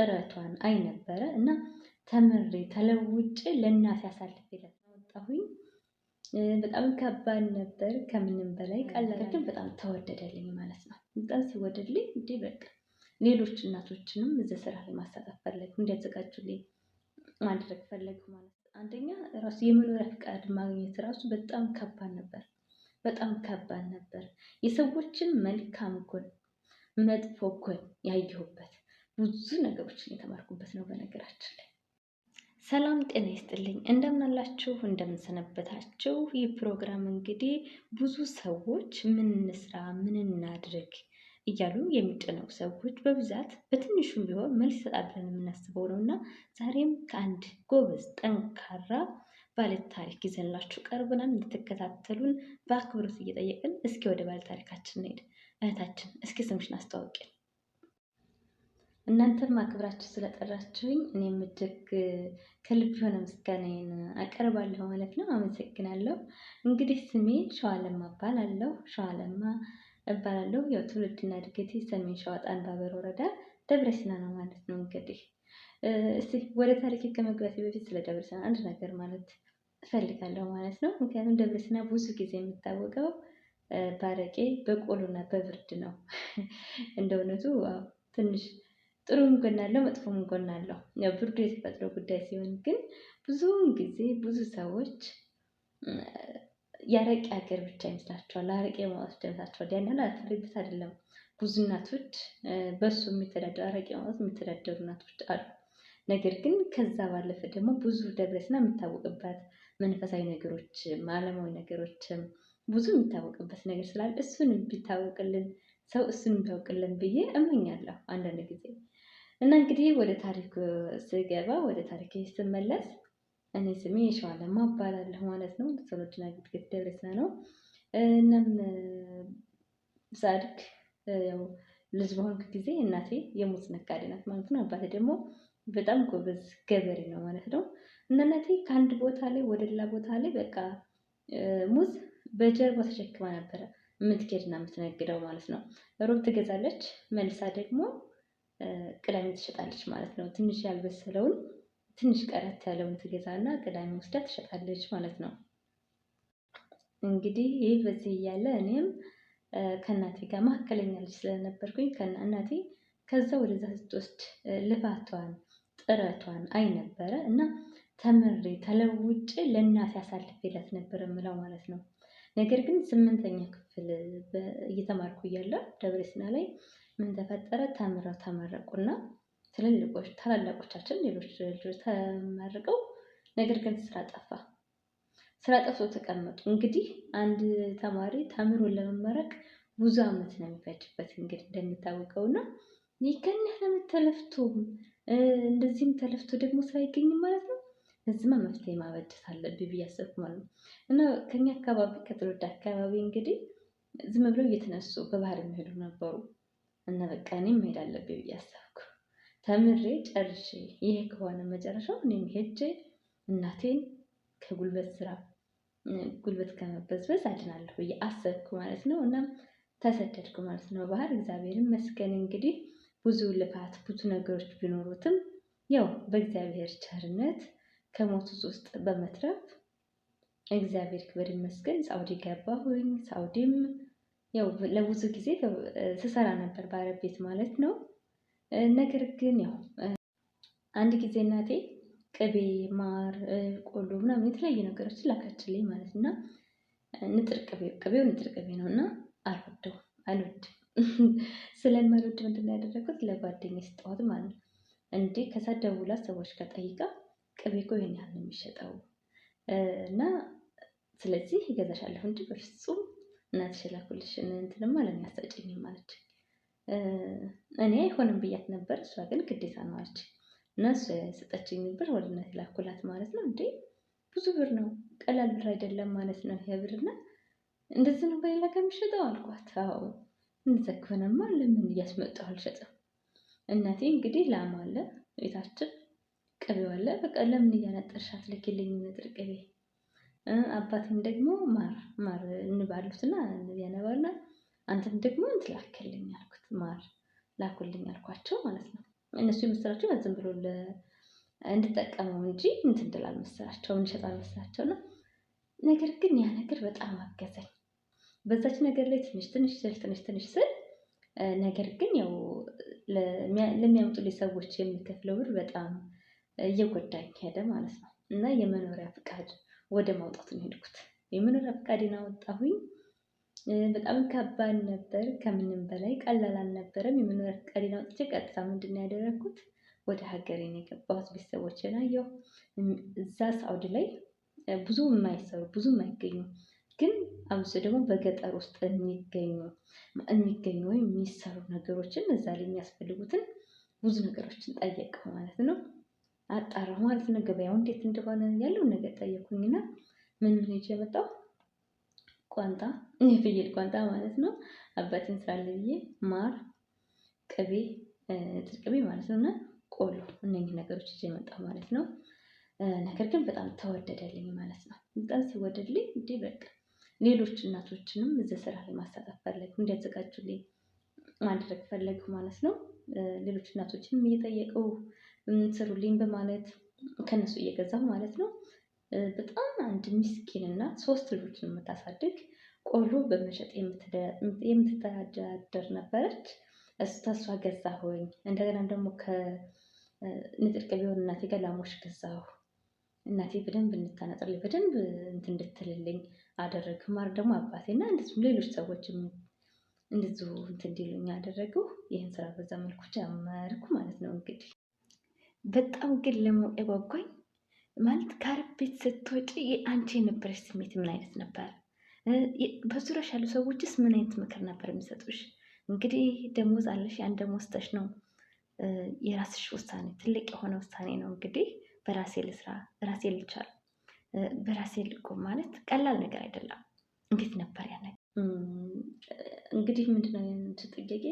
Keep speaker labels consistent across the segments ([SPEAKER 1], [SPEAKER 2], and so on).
[SPEAKER 1] ጥረቷን አይ ነበረ እና ተምሬ ተለውጬ ለእናቴ አሳልፌ ወጣሁኝ። በጣም ከባድ ነበር፣ ከምንም በላይ ቀላል ግን በጣም ተወደደልኝ ማለት ነው። በጣም ሲወደድልኝ እንዴ በቃ ሌሎች እናቶችንም እዚ ስራ ላይ ማሳተፍ ፈለግኩ፣ እንዲያዘጋጁልኝ ማድረግ ፈለግኩ ማለት ነው። አንደኛ ራሱ የመኖሪያ ፈቃድ ማግኘት ራሱ በጣም ከባድ ነበር፣ በጣም ከባድ ነበር። የሰዎችን መልካም ጎን፣ መጥፎ ጎን ያየሁበት ብዙ ነገሮችን የተማርኩበት ነው። በነገራችን ላይ ሰላም ጤና ይስጥልኝ። እንደምናላችሁ እንደምንሰነበታችሁ። ይህ ፕሮግራም እንግዲህ ብዙ ሰዎች ምን እንስራ፣ ምን እናድርግ እያሉ የሚጨነቁ ሰዎች በብዛት በትንሹም ቢሆን መልስ ይሰጣል ብለን የምናስበው ነው እና ዛሬም ከአንድ ጎበዝ ጠንካራ ባለታሪክ ይዘንላችሁ ቀርበናል። እንድትከታተሉን በአክብሮት እየጠየቅን እስኪ ወደ ባለታሪካችን ታሪካችን እንሄድ። እህታችን እስኪ ስምሽን አስተዋውቂን። እናንተም አክብራችሁ ስለጠራችሁኝ እኔም እጅግ ከልብ የሆነ ምስጋናዬን አቀርባለሁ ማለት ነው። አመሰግናለሁ። እንግዲህ ስሜ ሸዋለማ እባላለሁ። ሸዋለማ እባላለሁ። ያው ትውልድና እድገቴ ሰሜን ሸዋ ጣና በበር ወረዳ ደብረ ሲና ነው ማለት ነው። እንግዲህ እስቲ ወደ ታሪክ ከመግባቴ በፊት ስለ ደብረ ሲና አንድ ነገር ማለት እፈልጋለሁ ማለት ነው። ምክንያቱም ደብረ ሲና ብዙ ጊዜ የሚታወቀው ባረቄ በቆሎና በብርድ ነው። እንደ እውነቱ ትንሽ ጥሩ ጎን መጥፎ መጥፎም ብርዱ የተፈጥሮ ጉዳይ ሲሆን ግን ብዙውን ጊዜ ብዙ ሰዎች የአረቄ ሀገር ብቻ ይመስላቸዋል። አረቄ ማውጣት ብቻ ይመስላቸዋል። ያን ያህል አትሌት አይደለም። ብዙ እናቶች በሱ የሚተዳደሩ አረቄ ማውጣት የሚተዳደሩ እናቶች አሉ። ነገር ግን ከዛ ባለፈ ደግሞ ብዙ ደብረሲና የምታወቅበት መንፈሳዊ ነገሮች፣ አለማዊ ነገሮች ብዙ የሚታወቅበት ነገር ስላለ እሱን ቢታወቅልን ሰው እሱን ቢያውቅልን ብዬ እመኛለሁ አንዳንድ ጊዜ እና እንግዲህ ወደ ታሪክ ስገባ ወደ ታሪክ ስመለስ እኔ ስሜ የሸዋለማ እባላለሁ ማለት ነው። ተወልጄና ያደግኩት ደብረሲና ነው። እናም ሳድግ ያው ልጅ ጊዜ እናቴ የሙዝ ነጋዴ ናት ማለት ነው። አባቴ ደግሞ በጣም ጎበዝ ገበሬ ነው ማለት ነው። እና እናቴ ከአንድ ቦታ ላይ ወደ ሌላ ቦታ ላይ በቃ ሙዝ በጀርባ ተሸክማ ነበረ የምትኬድና የምትነግደው ማለት ነው። ሮብ ትገዛለች መልሳ ደግሞ ቅዳሜ ትሸጣለች ማለት ነው። ትንሽ ያልበሰለውን ትንሽ ቀረት ያለውን ትገዛና ቅዳሜ ወስዳ ትሸጣለች ማለት ነው። እንግዲህ ይህ በዚህ እያለ እኔም ከእናቴ ጋር መካከለኛ ልጅ ስለነበርኩኝ እናቴ ከዛ ወደዛ ስትወስድ ልፋቷን ጥረቷን አይ ነበረ እና ተምሬ ተለውጬ ለእናቴ አሳልፌላት ነበር የምለው ማለት ነው። ነገር ግን ስምንተኛ ክፍል እየተማርኩ እያለ ደብረ ሲና ላይ ምን ተፈጠረ? ተምረው ተመረቁና ትልልቆች ታላላቆቻችን ሌሎች ልጆች ተመርቀው ነገር ግን ስራ ጠፋ። ስራ ጠፍቶ ተቀመጡ። እንግዲህ አንድ ተማሪ ተምሮ ለመመረቅ ብዙ አመት ነው የሚፈጅበት እንግዲህ እንደሚታወቀው እና ይከን ያህል እንደዚህም ተለፍቶ ደግሞ ስራ አይገኝም ማለት ነው። ለዚህማ መፍትሄ ማበጀት አለብኝ ብዬ አሰብኩ ማለት ነው። እና ከኛ አካባቢ ከትውልድ አካባቢ እንግዲህ ዝም ብለው እየተነሱ በባህር የሚሄዱ ነበሩ። እና በቃ እኔም መሄድ አለብኝ ብዬ አሰብኩ። ተምሬ ጨርሼ ይሄ ከሆነ መጨረሻው እኔም ሄጄ እናቴን ከጉልበት ስራ ጉልበት ከመበዝበዝ አድናለሁ ብዬ አሰብኩ ማለት ነው። እናም ተሰደድኩ ማለት ነው ባህር። እግዚአብሔር ይመስገን እንግዲህ ብዙ ልፋት ብዙ ነገሮች ቢኖሩትም ያው በእግዚአብሔር ቸርነት ከሞቱት ውስጥ በመትረፍ እግዚአብሔር ክብር ይመስገን ሳውዲ ገባሁኝ። ሳውዲም ያው ለብዙ ጊዜ ስሰራ ነበር በአረብ ቤት ማለት ነው። ነገር ግን ያው አንድ ጊዜ እናቴ ቅቤ፣ ማር፣ ቆሎ ምናምን የተለያዩ ነገሮች ላከችልኝ ማለት እና ንጥር ቅቤ ቅቤው ንጥር ቅቤ ነው እና አልወደው አልወድም ስለማልወድ ምንድን ነው ያደረኩት ለጓደኛዬ ስጠዋት ማለት ነው። እንዴ ከዛ ደውላ ሰዎች ከጠይቃ ቅቤ እኮ ይሄን ያህል ነው የሚሸጠው እና ስለዚህ ይገዛሻለሁ እንጂ በፍጹም እናትሽ የላኩልሽን እንትንም አለኝ አሰጪኝም አለች። እኔ አይሆንም ብያት ነበር። እሷ ግን ግዴታ ነው አለች እና እሷ የሰጠችኝ ብር ወደ እናት የላኩላት ማለት ነው። እንዴ ብዙ ብር ነው፣ ቀላል ብር አይደለም ማለት ነው ይሄ ብርና እንደዚህ ነው በሌላ ጋር አልኳት። አዎ እንደዚያ ከሆነማ ለምን እያስመጣሁ አልሸጥም። እናቴ እንግዲህ ላም አለ ቤታችን፣ ቅቤው አለ። በቃ ለምን እያነጠርሽ አትልኪልኝም ንጥር ቅቤ አባቴም ደግሞ ማር ማር እንባሉትና ያነባና አንተም ደግሞ እንትን ላክልኝ አልኩት ማር ላኩልኝ አልኳቸው ማለት ነው። እነሱ የመሰላቸው ዝም ብሎ እንድጠቀመው እንጂ እንትንድል እንድል አልመሰላቸው እንሸጥ አልመሰላቸው እና ነገር ግን ያ ነገር በጣም አገዘኝ። በዛች ነገር ላይ ትንሽ ትንሽ ስል ትንሽ ትንሽ ስል ነገር ግን ያው ለሚያምጡልኝ ሰዎች የሚከፍለው ብር በጣም እየጎዳኝ ሄደ ማለት ነው። እና የመኖሪያ ፍቃድ ወደ ማውጣት ነው የሄድኩት። የመኖሪያ ፈቃዴን አወጣሁኝ። በጣም ከባድ ነበር፣ ከምንም በላይ ቀላል አልነበረም። የመኖሪያ ፈቃዴን አውጥቼ ቀጥታ ምንድን ነው ያደረግኩት ወደ ሀገሬ ነው የገባሁት። ቤተሰቦቼን አየሁ። እዛ ሳውዲ ላይ ብዙ የማይሰሩ ብዙ የማይገኙ ግን አብዙ ደግሞ በገጠር ውስጥ የሚገኙ የሚገኙ ወይም የሚሰሩ ነገሮችን እዛ ላይ የሚያስፈልጉትን ብዙ ነገሮችን ጠየቀው ማለት ነው። አጣራሁ ማለት ነው። ገበያው እንዴት እንደሆነ ያለውን ነገር ጠየኩኝና ምን ምን ይዤ መጣሁ? ቋንጣ፣ የፍየል ቋንጣ ማለት ነው። አባቴን ስላለ ብዬ ማር፣ ቅቤ፣ ጥቅቤ ቅቤ ማለት ነው እና ቆሎ፣ እነዚህ ነገሮች ይዤ መጣሁ ማለት ነው። ነገር ግን በጣም ተወደደልኝ ማለት ነው። በጣም ሲወደድልኝ እንዴ በቃ ሌሎች እናቶችንም እዚህ ስራ ላይ ማሳተፍ ፈለግኩ፣ እንዲያዘጋጁልኝ ማድረግ ፈለግ ማለት ነው። ሌሎች እናቶችንም እየጠየቀው ስሩልኝ በማለት ከነሱ እየገዛሁ ማለት ነው። በጣም አንድ ምስኪን እና ሶስት ልጆችን የምታሳድግ ቆሎ በመሸጥ የምትተዳደር ነበረች። እሱ ተስፋ ገዛሁኝ። እንደገና ደግሞ ከንጥር ቅቤ እናቴ ጋር ገዛሁ። እናቴ በደንብ እንድታነጥልኝ በደንብ እንትን እንድትልልኝ አደረግ ማር ደግሞ አባቴ እና እንደዚሁ ሌሎች ሰዎች እንደዚሁ እንትን እንዲሉኝ አደረገው። ይህን ስራ በዛ መልኩ ጀመርኩ ማለት ነው እንግዲህ በጣም ግን ለማወቅ ጓጓኝ። ማለት ከአረብ ቤት ስትወጪ የአንቺ የነበረች ስሜት ምን አይነት ነበር? በዙሪያሽ ያሉ ሰዎችስ ምን አይነት ምክር ነበር የሚሰጡሽ? እንግዲህ ደሞዝ አለሽ፣ ያን ደሞዝ ተሽ ነው የራስሽ ውሳኔ፣ ትልቅ የሆነ ውሳኔ ነው። እንግዲህ በራሴ ልስራ፣ በራሴ ልቻል፣ በራሴ ልቆም ማለት ቀላል ነገር አይደለም። እንዴት ነበር ያ ነገር? እንግዲህ ምንድነው ጥያቄ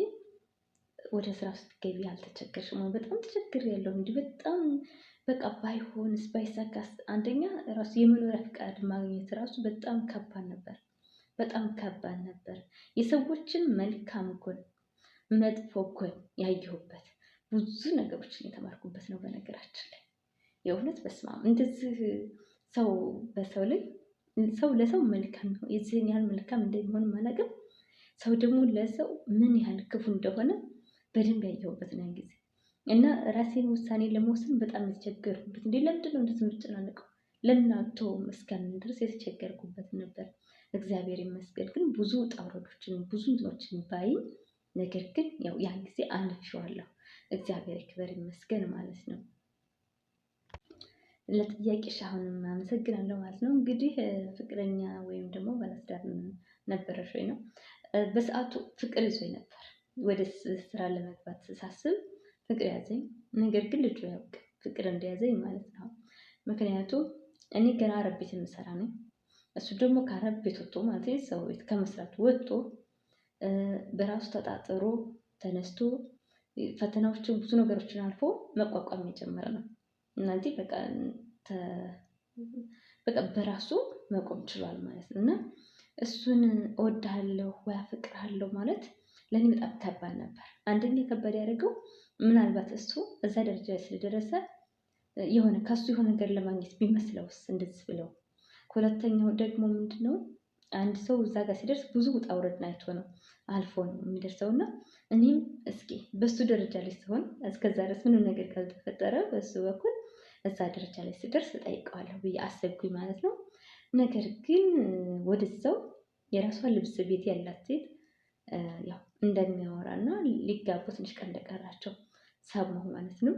[SPEAKER 1] ወደ ስራ ስትገቢ አልተቸገርሽም? በጣም ተቸግር ያለው እንዲህ በጣም በቃ ባይሆንስ ባይሳካስ? አንደኛ ራሱ የመኖሪያ ፍቃድ ማግኘት ራሱ በጣም ከባድ ነበር፣ በጣም ከባድ ነበር። የሰዎችን መልካም ጎን፣ መጥፎ ጎን ያየሁበት ብዙ ነገሮችን የተማርኩበት ነው። በነገራችን ላይ የእውነት በስማም እንደዚህ ሰው በሰው ላይ ሰው ለሰው መልካም ነው የዚህን ያህል መልካም እንደሚሆን አላውቅም። ሰው ደግሞ ለሰው ምን ያህል ክፉ እንደሆነ በደንብ ያየሁበትን ያን ጊዜ እና ራሴን ውሳኔ ለመወሰን በጣም የተቸገርኩበት እንዴ ለምንድን ነው እንደዚህ የምጨናነቀው ለምን እስከምን ድረስ የተቸገርኩበት ነበር። እግዚአብሔር ይመስገን ግን ብዙ ጣውረዶችን ብዙ እንትኖችን ባይ ነገር ግን ያው ያን ጊዜ አልፌዋለሁ። እግዚአብሔር ይክበር ይመስገን ማለት ነው። ለጥያቄሽ አሁን አመሰግናለሁ ማለት ነው። እንግዲህ ፍቅረኛ ወይም ደግሞ ባለትዳር ነበረሽ ወይ ነው? በሰዓቱ ፍቅር ይዞኝ ነበር ወደ ስራ ለመግባት ሳስብ ፍቅር ያዘኝ። ነገር ግን ልጁ አያውቅም ፍቅር እንደያዘኝ ማለት ነው። ምክንያቱ እኔ ገና አረብ ቤት የምሰራ ነኝ። እሱ ደግሞ ከአረብ ቤት ወጥቶ ማለት ሰው ቤት ከመስራት ወጥቶ በራሱ ተጣጥሮ ተነስቶ ፈተናዎችን ብዙ ነገሮችን አልፎ መቋቋም የጀመረ ነው። እናንተ በቃ በቃ በራሱ መቆም ችሏል ማለት ነው። እና እሱን እወድሃለሁ ወይ አፍቅርሃለሁ ማለት ለእኔ በጣም ከባድ ነበር። አንደኛ ከባድ ያደረገው ምናልባት እሱ እዛ ደረጃ ላይ ስለደረሰ የሆነ ከሱ የሆነ ነገር ለማግኘት ቢመስለውስ እንደዚህ ብለው። ሁለተኛው ደግሞ ምንድን ነው አንድ ሰው እዛ ጋር ሲደርስ ብዙ ውጣ ውረድ አይቶ ነው አልፎ ነው የሚደርሰው። እና እኔም እስኪ በሱ ደረጃ ላይ ሲሆን እስከዛ ድረስ ምንም ነገር ካልተፈጠረ በሱ በኩል እዛ ደረጃ ላይ ስደርስ እጠይቀዋለሁ ብዬ አሰብኩኝ ማለት ነው። ነገር ግን ወደዛው የራሷን ልብስ ቤት ያላት ሴት ያው እንደሚያወራ እና ሊጋቡ ትንሽ ቀን እንደቀራቸው ሰማሁ ማለት ነው።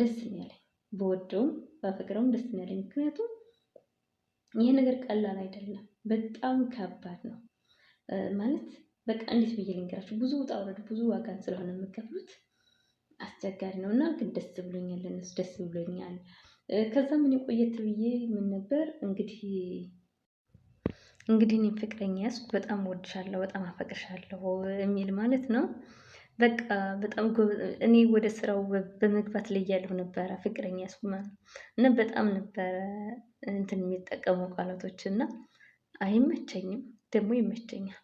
[SPEAKER 1] ደስ ነው ያለኝ፣ በወደውም በፍቅረውም ደስ ነው ያለኝ። ምክንያቱም ይህ ነገር ቀላል አይደለም፣ በጣም ከባድ ነው ማለት በቃ እንዴት ብዬ ልንገራችሁ፣ ብዙ ውጣ ውረድ፣ ብዙ ዋጋን ስለሆነ የምከፍሉት አስቸጋሪ ነው እና ግን ደስ ብሎኛል፣ ለነሱ ደስ ብሎኛል። ከዛ ምን ቆየት ብዬ ምን ነበር እንግዲህ እንግዲህ እኔም ፍቅረኛ ያዝኩ በጣም ወድሻለሁ፣ በጣም አፈቅርሻለሁ የሚል ማለት ነው። በቃ በጣም እኔ ወደ ስራው በመግባት ላይ እያለሁ ነበረ ፍቅረኛ ያዝኩ ማለት እና በጣም ነበረ እንትን የሚጠቀሙ ቃላቶች እና አይመቸኝም ደግሞ ይመቸኛል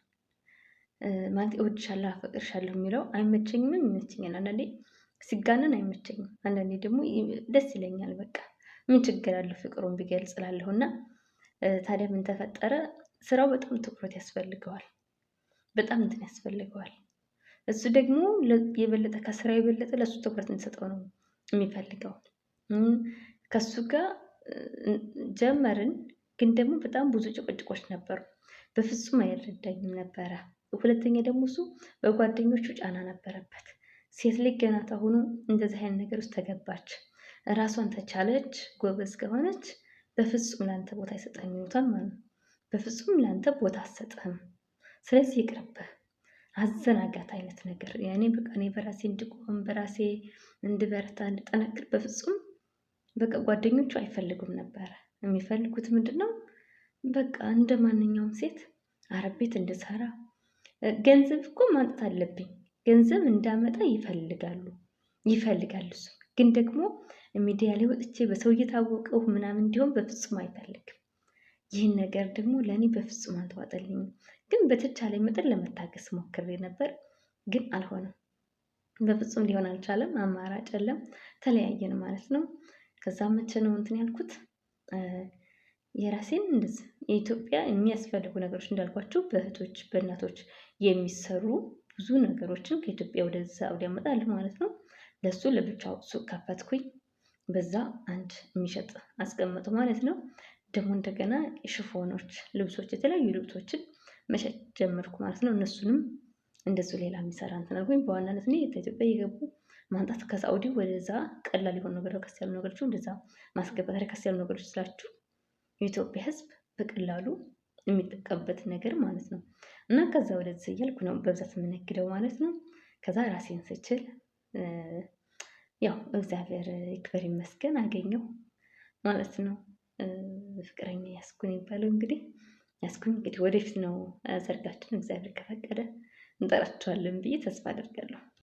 [SPEAKER 1] ማለት እወድሻለሁ አፈቅርሻለሁ የሚለው አይመቸኝም ይመቸኛል። አንዳንዴ ሲጋነን አይመቸኝም፣ አንዳንዴ ደግሞ ደስ ይለኛል። በቃ ምን ችግር አለው ፍቅሩን ቢገልጽ እና ታዲያ ምን ተፈጠረ? ስራው በጣም ትኩረት ያስፈልገዋል። በጣም እንትን ያስፈልገዋል። እሱ ደግሞ የበለጠ ከስራ የበለጠ ለእሱ ትኩረት እንሰጠው ነው የሚፈልገው። ከሱ ጋር ጀመርን፣ ግን ደግሞ በጣም ብዙ ጭቅጭቆች ነበሩ። በፍጹም አይረዳኝም ነበረ። ሁለተኛ ደግሞ እሱ በጓደኞቹ ጫና ነበረበት። ሴት ልጅ ገና ታሁኑ እንደዚህ አይነት ነገር ውስጥ ተገባች፣ ራሷን ተቻለች፣ ጎበዝ ከሆነች በፍጹም ለአንተ ቦታ አይሰጠኝም ይሉታል ማለት ነው። በፍጹም ለአንተ ቦታ አትሰጥህም። ስለዚህ ይቅርብህ፣ አዘናጋት አይነት ነገር ያኔ በቃ እኔ በራሴ እንድቆም በራሴ እንድበረታ እንድጠነክር በፍጹም በቃ ጓደኞቹ አይፈልጉም ነበረ። የሚፈልጉት ምንድን ነው? በቃ እንደ ማንኛውም ሴት አረብ ቤት እንድሰራ ገንዘብ እኮ ማምጣት አለብኝ። ገንዘብ እንዳመጣ ይፈልጋሉ ይፈልጋሉ። እሱ ግን ደግሞ ሚዲያ ላይ ወጥቼ በሰው እየታወቀው ምናምን እንዲሆን በፍጹም አይፈልግም። ይህን ነገር ደግሞ ለእኔ በፍጹም አልተዋጠልኝም። ግን በተቻለኝ መጠን ለመታገስ ሞክሬ ነበር፣ ግን አልሆነም። በፍጹም ሊሆን አልቻለም። አማራጭ የለም፣ ተለያየን ማለት ነው። ከዛ መቼ ነው እንትን ያልኩት የራሴን እንደዚ የኢትዮጵያ የሚያስፈልጉ ነገሮች እንዳልኳቸው በእህቶች በእናቶች የሚሰሩ ብዙ ነገሮችን ከኢትዮጵያ ወደ ሳውዲ ያመጣል ማለት ነው። ለሱ ለብቻው ሱቅ ከፈትኩኝ። በዛ አንድ የሚሸጥ አስቀመጡ ማለት ነው። ደግሞ እንደገና ሽፎኖች፣ ልብሶች የተለያዩ ልብሶችን መሸጥ ጀመርኩ ማለት ነው። እነሱንም እንደዚሁ ሌላ የሚሰራ እንትን ወይም በዋናነት እኔ ከኢትዮጵያ እየገቡ ማምጣት ከሳዑዲ ወደዛ ቀላል የሆኑ ነገር ከስ ያሉ ነገሮች እንደዛ ማስገባት ከስ ያሉ ነገሮች ስላችሁ የኢትዮጵያ ሕዝብ በቀላሉ የሚጠቀምበት ነገር ማለት ነው። እና ከዛ ወደዚህ እያልኩ ነው በብዛት የምነግደው ማለት ነው። ከዛ ራሴን ስችል ያው እግዚአብሔር ይክበር ይመስገን አገኘው ማለት ነው። ፍቅረኛ ያስኩን የሚባለው እንግዲህ ያስኩኝ እንግዲህ ወደፊት ነው ሰርጋችን እግዚአብሔር ከፈቀደ እንጠራቸዋለን ብዬ ተስፋ አደርጋለሁ።